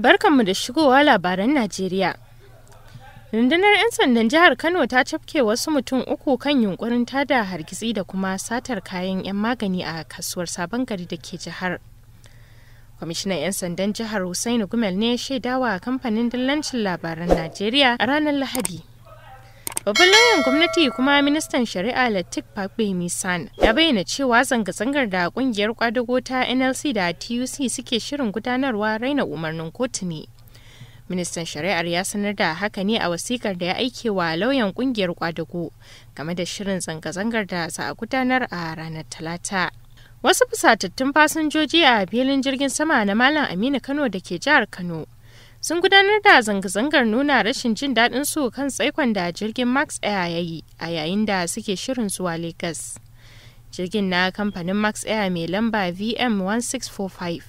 Barkanmu da shigowa labaran Najeriya. Rundunar 'yan sandan jihar Kano ta cafke wasu mutum uku kan yunkurin tada hargitsi da kuma satar kayan 'yan magani a kasuwar sabon gari da ke jihar. Kwamishinan 'yan sandan jihar Hussaini Gumel ne ya shaidawa kamfanin dillancin labaran Najeriya a ranar Lahadi. Babban lauyan gwamnati kuma ministan shari'a Latif Fakpemi San ya bayyana cewa zanga-zangar da kungiyar kwadago ta NLC da TUC suke shirin gudanarwa raina umarnin kotu ne. Ministan shari'ar ya sanar da haka ne a wasikar da ya aike wa lauyan kungiyar kwadago game da shirin zanga-zangar da za a gudanar a ranar Talata. Wasu fasatattun fasinjoji a filin jirgin sama na Malam Aminu Kano da ke jihar Kano sun gudanar da zanga-zangar nuna rashin jin daɗin su kan tsaikon da jirgin max air ya yi a yayin da suke shirin zuwa lagos jirgin na kamfanin max air mai lamba vm 1645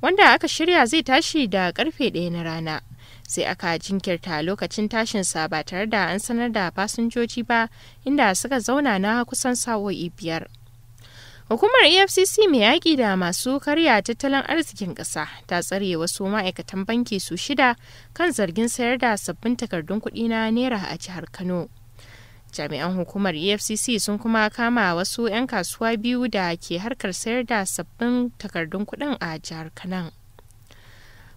wanda aka shirya zai tashi da karfe ɗaya na rana sai aka jinkirta lokacin tashinsa ba tare da an sanar da fasinjoji ba inda suka zauna na kusan sa'o'i biyar Hukumar EFCC mai yaƙi da masu karya tattalin arzikin ƙasa ta tsare wasu ma'aikatan banki su shida kan zargin sayar da sabbin takardun kuɗi na Naira a jihar Kano. Jami'an hukumar EFCC sun kuma kama wasu 'yan kasuwa biyu da ke harkar sayar da sabbin takardun kuɗin a jihar Kanan.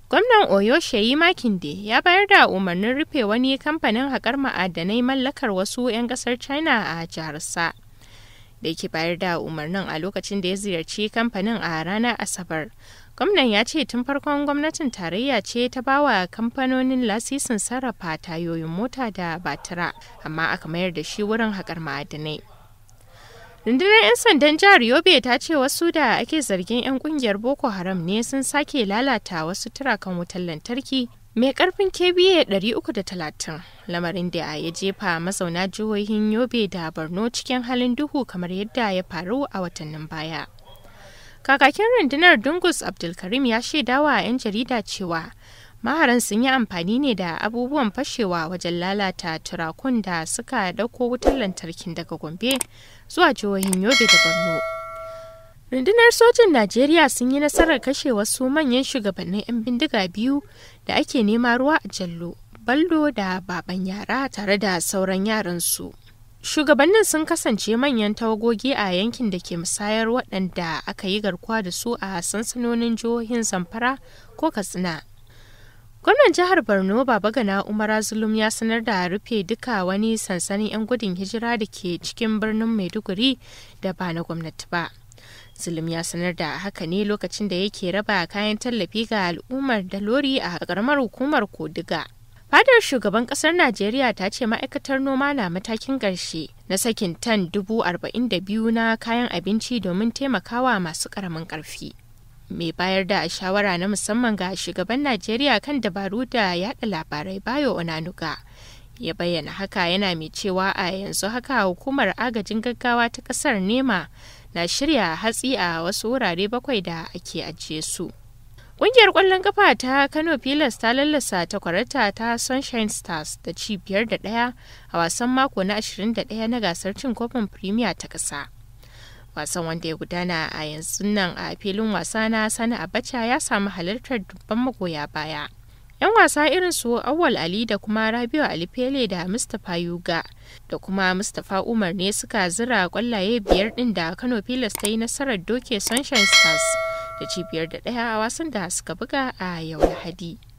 Gwamnan Oyo Sheyi Makinde ya bayar da umarnin rufe wani kamfanin haƙar ma'adanai mallakar wasu 'yan ƙasar China a jiharsa. da yake bayar da umarnin a lokacin da ya ziyarci kamfanin a ranar asabar gwamnan ya ce tun farkon gwamnatin tarayya ce ta bawa kamfanonin lasisin sarrafa tayoyin mota da batira amma aka mayar da shi wurin haƙar ma'adinai. rundunar 'yan sandan jihar yobe ta ce wasu da ake zargin 'yan kungiyar boko haram ne sun sake lalata wasu turakan wutar lantarki mai karfin kba 330 lamarin da ya jefa mazauna jihohin yobe da borno cikin halin duhu kamar yadda ya faru a watannin baya kakakin rundunar dungus abdulkarim ya shaidawa 'yan jarida cewa maharan sun yi amfani ne da abubuwan fashewa wajen lalata turakun da suka dauko wutar lantarkin daga gombe zuwa jihohin yobe da borno rundunar sojin najeriya sun yi nasarar kashe wasu manyan shugabannin 'yan bindiga biyu da ake nema ruwa a jallo ballo da baban yara tare da sauran yaransu shugabannin sun kasance manyan tawagogi a yankin da ke musayar waɗanda aka yi garkuwa da su a sansanonin jihohin zamfara ko katsina Gwamnan jihar Borno Babagana Umara Zulum ya sanar da rufe duka wani sansanin 'yan gudun hijira da ke cikin birnin Maiduguri da ba na gwamnati ba. zulum ya sanar da haka ne lokacin da yake raba kayan tallafi ga al'ummar da lori a karamar hukumar kodiga fadar shugaban kasar najeriya ta ce ma'aikatar noma na matakin ƙarshe na sakin tan dubu arba'in da biyu na kayan abinci domin taimakawa masu ƙaramin ƙarfi mai bayar da shawara na musamman ga shugaban najeriya kan dabaru da yada labarai bayo onanuga ya bayyana haka yana mai cewa a yanzu haka hukumar agajin gaggawa ta kasar nema na shirya hatsi a wasu wurare bakwai da ake ajiye su. Ƙungiyar ƙwallon kafa ta Kano Pilas ta lallasa takwarata ta Sunshine Stars da ci biyar da ɗaya a wasan mako na 21 na gasar cin kofin Premier ta ƙasa. Wasan wanda ya gudana a yanzu nan a filin wasa na Sani Abacha ya samu halartar dubban magoya baya. 'Yan wasa irin su awwal Ali da kuma Rabiu Alifele da Mustapha Yuga da kuma Mustapha Umar ne suka zira kwallaye biyar din da Kano Pilas ta yi nasarar doke Sunshine Stars da cibiyar da daya a wasan da suka buga a yau Lahadi.